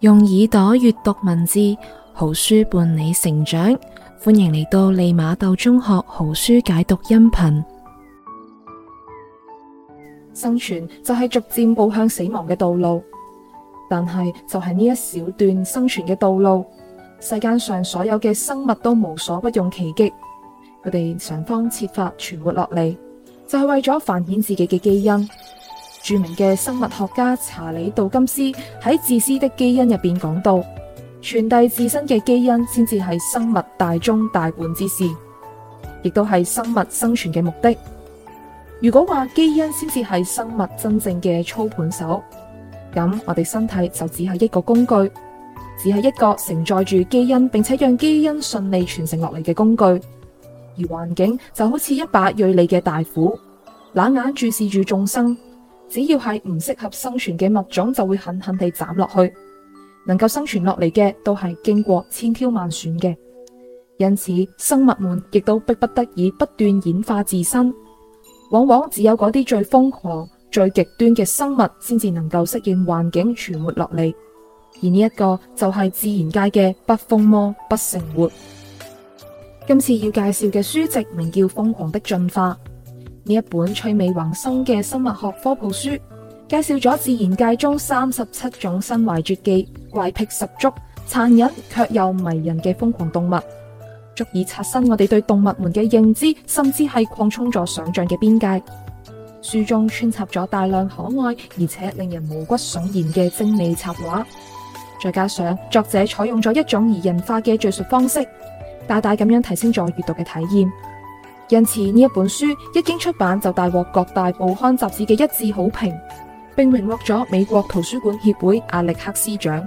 用耳朵閱讀文字，好書伴你成長。歡迎嚟到利馬竇中學好書解讀音頻。生存就係逐漸步向死亡嘅道路，但係就係呢一小段生存嘅道路，世間上所有嘅生物都無所不用其極，佢哋想方設法存活落嚟，就係、是、為咗繁衍自己嘅基因。著名嘅生物學家查理道金斯喺自私的基因入邊講到，傳遞自身嘅基因先至係生物大宗大本之事，亦都係生物生存嘅目的。如果話基因先至係生物真正嘅操盤手，咁我哋身體就只係一個工具，只係一個承載住基因，並且讓基因順利傳承落嚟嘅工具。而環境就好似一把銳利嘅大斧，冷眼注視住眾生。只要係唔適合生存嘅物種，就會狠狠地斬落去。能夠生存落嚟嘅，都係經過千挑萬選嘅。因此，生物們亦都逼不得已不斷演化自身。往往只有嗰啲最瘋狂、最極端嘅生物，先至能夠適應環境存活落嚟。而呢一個就係自然界嘅不瘋魔不成活。今次要介紹嘅書籍，名叫《瘋狂的進化》。呢一本趣味橫生嘅生物學科普書，介紹咗自然界中三十七種身懷絕技、怪癖十足、殘忍卻又迷人嘅瘋狂動物，足以刷新我哋對動物們嘅認知，甚至係擴充咗想象嘅邊界。書中穿插咗大量可愛而且令人毛骨悚然嘅精美插畫，再加上作者採用咗一種擬人化嘅敘述方式，大大咁樣提升咗閱讀嘅體驗。因此呢一本書一經出版就大獲各大報刊雜誌嘅一致好評，並榮獲咗美國圖書館協會亞歷克斯獎。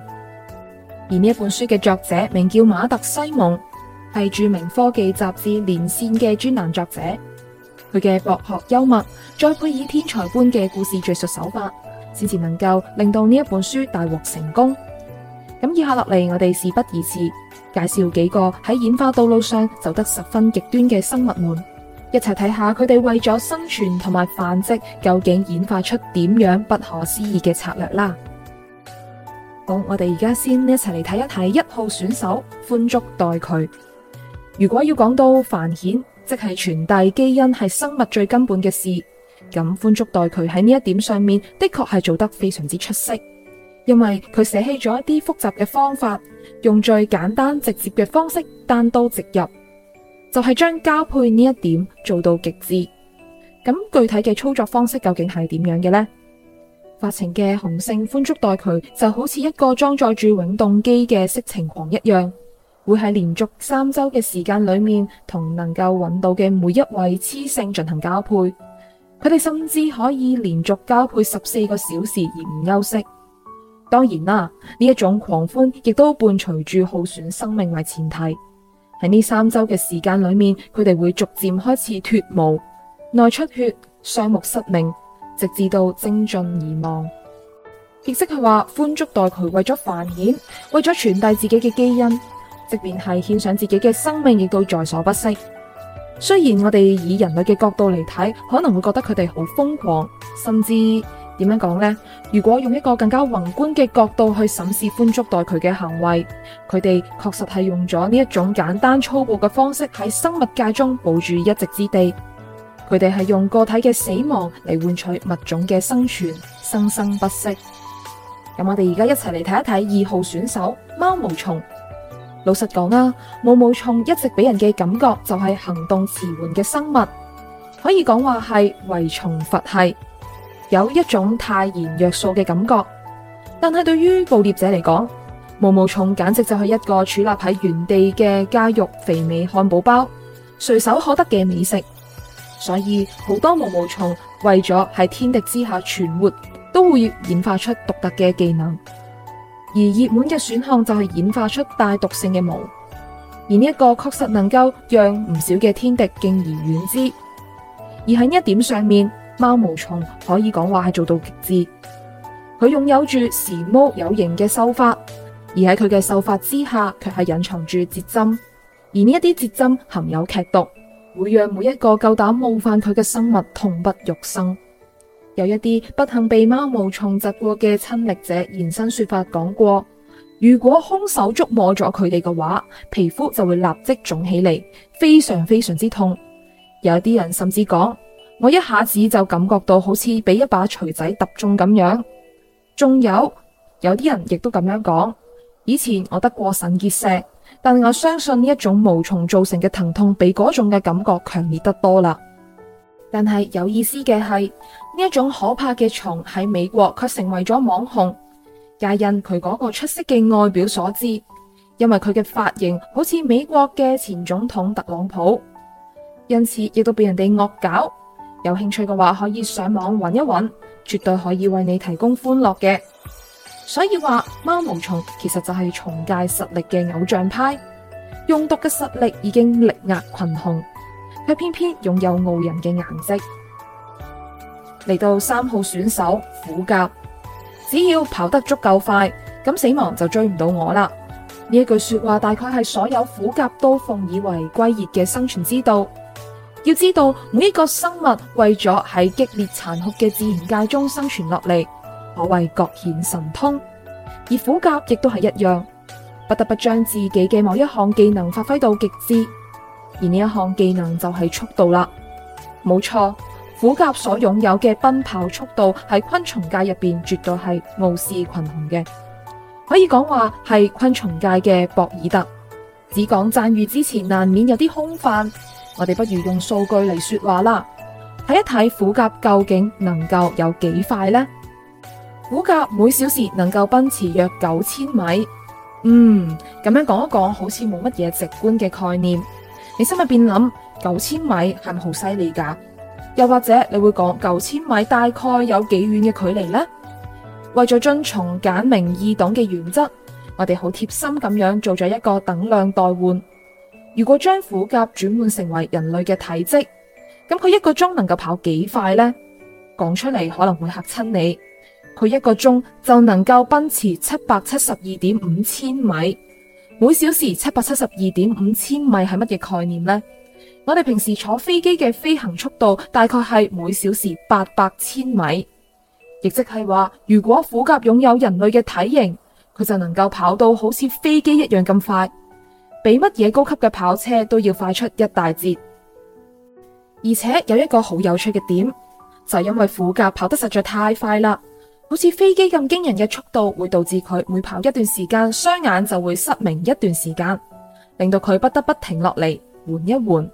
而呢一本書嘅作者名叫馬特西蒙，係著名科技雜誌連線嘅專欄作者。佢嘅博學幽默，再配以天才般嘅故事敘述手法，先至能夠令到呢一本書大獲成功。咁以下落嚟，我哋事不宜遲，介紹幾個喺演化道路上走得十分極端嘅生物們。一齊睇下佢哋為咗生存同埋繁殖，究竟演化出點樣不可思議嘅策略啦！好，我哋而家先一齊嚟睇一睇一號選手寬足袋鼩。如果要講到繁衍，即係傳遞基因係生物最根本嘅事，咁寬足袋鼩喺呢一點上面的確係做得非常之出色，因為佢捨棄咗一啲複雜嘅方法，用最簡單直接嘅方式單刀直入。就係將交配呢一點做到極致，咁具體嘅操作方式究竟係點樣嘅呢？發情嘅雄性寬足袋鼩就好似一個裝載住永動機嘅色情狂一樣，會喺連續三周嘅時間裏面，同能夠搵到嘅每一位雌性進行交配。佢哋甚至可以連續交配十四個小時而唔休息。當然啦，呢一種狂歡亦都伴隨住耗損生命為前提。喺呢三周嘅時間裏面，佢哋會逐漸開始脫毛、內出血、雙目失明，直至到精盡而亡。亦即係話，寬足袋鼩為咗繁衍，為咗傳遞自己嘅基因，即便係獻上自己嘅生命，亦都在所不惜。雖然我哋以人類嘅角度嚟睇，可能會覺得佢哋好瘋狂，甚至。點樣講呢？如果用一個更加宏觀嘅角度去審視寬足袋鼩嘅行為，佢哋確實係用咗呢一種簡單粗暴嘅方式喺生物界中保住一席之地。佢哋係用個體嘅死亡嚟換取物種嘅生存，生生不息。咁我哋而家一齊嚟睇一睇二號選手貓毛蟲。老實講啊，毛毛蟲一直俾人嘅感覺就係行動遲緩嘅生物，可以講話係為蟲佛系。有一種泰然若素嘅感覺，但係對於捕獵者嚟講，毛毛蟲簡直就係一個矗立喺原地嘅加肉肥美漢堡包，隨手可得嘅美食。所以好多毛毛蟲為咗喺天敵之下存活，都會演化出獨特嘅技能。而熱門嘅選項就係演化出帶毒性嘅毛，而呢一個確實能夠讓唔少嘅天敵敬而遠之。而喺一點上面。貓毛蟲可以講話係做到極致，佢擁有住時髦有型嘅秀髮，而喺佢嘅秀髮之下，卻係隱藏住螫針，而呢一啲螫針含有劇毒，會讓每一個夠膽冒犯佢嘅生物痛不欲生。有一啲不幸被貓毛蟲蜇過嘅親歷者現身說法講過，如果空手觸摸咗佢哋嘅話，皮膚就會立即腫起嚟，非常非常之痛。有啲人甚至講。我一下子就感覺到好似俾一把錘仔揼中咁樣，仲有有啲人亦都咁樣講。以前我得過腎結石，但我相信呢一種毛蟲造成嘅疼痛，比嗰種嘅感覺強烈得多啦。但係有意思嘅係呢一種可怕嘅蟲喺美國卻成為咗網紅，也因佢嗰個出色嘅外表所致。因為佢嘅髮型好似美國嘅前總統特朗普，因此亦都被人哋惡搞。有興趣嘅話，可以上網搵一揾，絕對可以為你提供歡樂嘅。所以話，貓毛蟲其實就係蟲界實力嘅偶像派，用毒嘅實力已經力壓群雄，卻偏偏擁有傲人嘅顏色。嚟到三號選手虎甲，只要跑得足夠快，咁死亡就追唔到我啦。呢一句說話大概係所有虎甲都奉以為圭臬嘅生存之道。要知道每一個生物為咗喺激烈殘酷嘅自然界中生存落嚟，可謂各顯神通。而虎甲亦都係一樣，不得不將自己嘅某一項技能發揮到極致。而呢一項技能就係速度啦。冇錯，虎甲所擁有嘅奔跑速度喺昆蟲界入邊絕對係傲視群雄嘅，可以講話係昆蟲界嘅博爾特。只講讚譽之前，難免有啲空泛。我哋不如用數據嚟說話啦，睇一睇虎甲究竟能夠有幾快呢？虎甲每小時能夠奔馳約九千米。嗯，咁樣講一講好似冇乜嘢直觀嘅概念。你心入邊諗九千米係咪好犀利㗎？又或者你會講九千米大概有幾遠嘅距離呢？為咗遵從簡，簡明易懂嘅原則，我哋好貼心咁樣做咗一個等量代換。如果將虎甲轉換成為人類嘅體積，咁佢一個鐘能夠跑幾快呢？講出嚟可能會嚇親你。佢一個鐘就能夠奔馳七百七十二點五千米，每小時七百七十二點五千米係乜嘢概念呢？我哋平時坐飛機嘅飛行速度大概係每小時八百千米，亦即係話，如果虎甲擁有人類嘅體型，佢就能夠跑到好似飛機一樣咁快。比乜嘢高級嘅跑車都要快出一大截，而且有一個好有趣嘅點，就係因為虎甲跑得實在太快啦，好似飛機咁驚人嘅速度，會導致佢每跑一段時間，雙眼就會失明一段時間，令到佢不得不停落嚟緩一緩，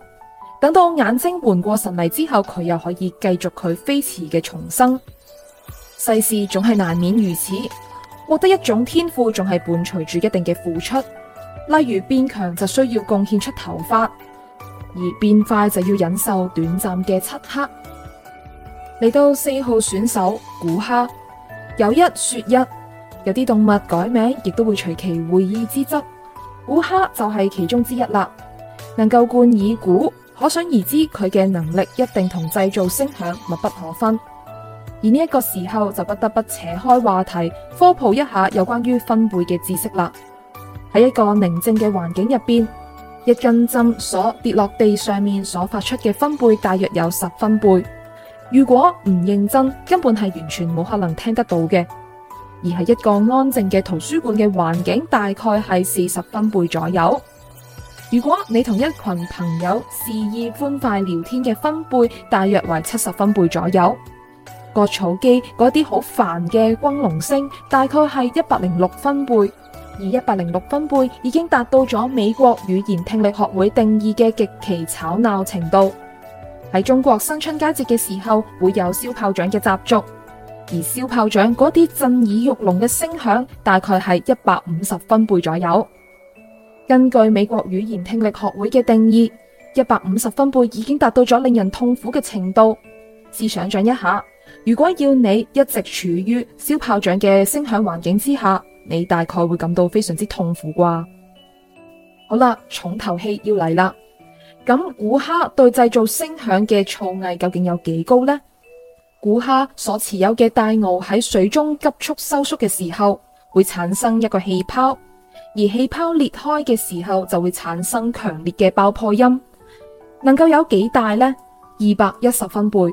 等到眼睛緩過神嚟之後，佢又可以繼續佢飛馳嘅重生。世事總係難免如此，獲得一種天賦，仲係伴隨住一定嘅付出。例如變強就需要貢獻出頭髮，而變快就要忍受短暫嘅漆黑。嚟到四號選手鼓蝦，有一說一，有啲動物改名亦都會隨其會議之質，鼓蝦就係其中之一啦。能夠冠以鼓，可想而知佢嘅能力一定同製造聲響密不可分。而呢一個時候就不得不扯開話題科普一下有關於分貝嘅知識啦。喺一個寧靜嘅環境入邊，一根針所跌落地上面所發出嘅分貝大約有十分貝。如果唔認真，根本係完全冇可能聽得到嘅。而係一個安靜嘅圖書館嘅環境，大概係四十分貝左右。如果你同一群朋友肆意歡快聊天嘅分貝大約爲七十分貝左右。割草機嗰啲好煩嘅轟隆聲，大概係一百零六分貝。而一百零六分貝已經達到咗美國語言聽力學會定義嘅極其吵鬧程度。喺中國新春佳節嘅時候會有燒炮仗嘅習俗，而燒炮仗嗰啲震耳欲聾嘅聲響大概係一百五十分貝左右。根據美國語言聽力學會嘅定義，一百五十分貝已經達到咗令人痛苦嘅程度。試想象一下，如果要你一直處於燒炮仗嘅聲響環境之下。你大概會感到非常之痛苦啩。好啦，重頭戲要嚟啦。咁、嗯、鼓蝦對製造聲響嘅造詣究竟有幾高呢？鼓蝦所持有嘅大螯喺水中急速收縮嘅時候，會產生一個氣泡，而氣泡裂開嘅時候就會產生強烈嘅爆破音。能夠有幾大呢？二百一十分貝，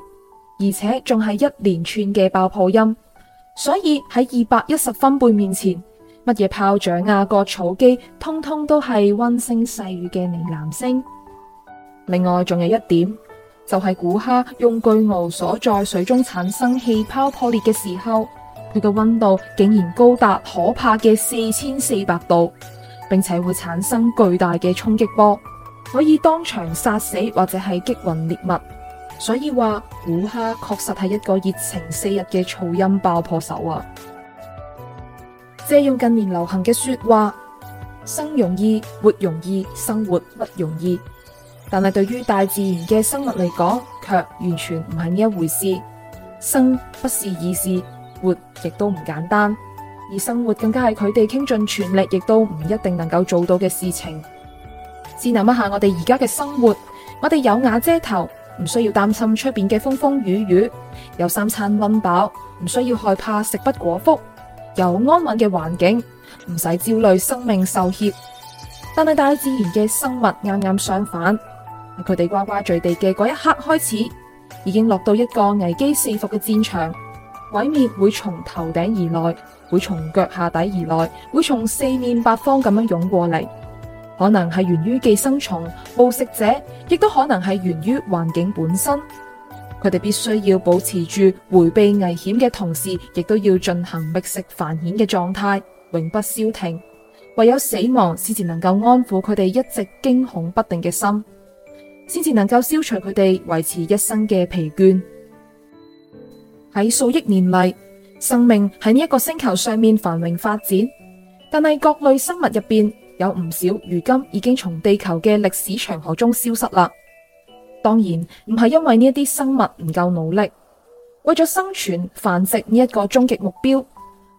而且仲係一連串嘅爆破音。所以喺二百一十分貝面前，乜嘢炮仗啊，割草機，通通都係溫聲細語嘅呢喃聲。另外，仲有一點就係、是、鼓蝦用巨鰲所在水中產生氣泡破裂嘅時候，佢個温度竟然高達可怕嘅四千四百度，並且會產生巨大嘅衝擊波，可以當場殺死或者係擊暈獵物。所以話，鼓蝦確實係一個熱情四日嘅噪音爆破手啊！借用近年流行嘅說話，生容易，活容易，生活不容易。但係對於大自然嘅生物嚟講，卻完全唔係呢一回事。生不是易事，活亦都唔簡單，而生活更加係佢哋傾盡全力，亦都唔一定能夠做到嘅事情。試諗一下我哋而家嘅生活，我哋有瓦遮頭。唔需要擔心出邊嘅風風雨雨，有三餐溫飽，唔需要害怕食不果腹，有安穩嘅環境，唔使焦慮生命受脅。但係大自然嘅生物啱啱相反，佢哋呱呱墜地嘅嗰一刻開始，已經落到一個危機四伏嘅戰場，毀滅會從頭頂而來，會從腳下底而來，會從四面八方咁樣湧過嚟。可能係源於寄生蟲、捕食者，亦都可能係源於環境本身。佢哋必須要保持住回避危險嘅同時，亦都要進行覓食繁衍嘅狀態，永不消停。唯有死亡先至能夠安撫佢哋一直驚恐不定嘅心，先至能夠消除佢哋維持一生嘅疲倦。喺數億年嚟，生命喺呢一個星球上面繁榮發展，但係各類生物入邊，有唔少，如今已經從地球嘅歷史長河中消失啦。當然，唔係因為呢一啲生物唔夠努力，為咗生存繁殖呢一個終極目標，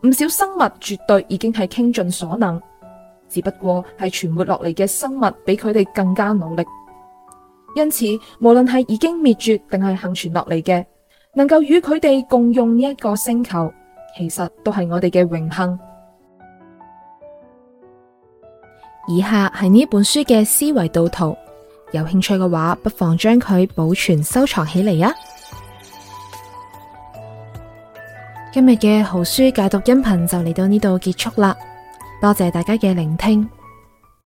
唔少生物絕對已經係傾盡所能。只不過係存活落嚟嘅生物比佢哋更加努力。因此，無論係已經滅絕定係幸存落嚟嘅，能夠與佢哋共用呢一個星球，其實都係我哋嘅榮幸。以下係呢本書嘅思維導圖，有興趣嘅話，不妨將佢保存收藏起嚟啊！今日嘅好書解讀音頻就嚟到呢度結束啦，多謝大家嘅聆聽。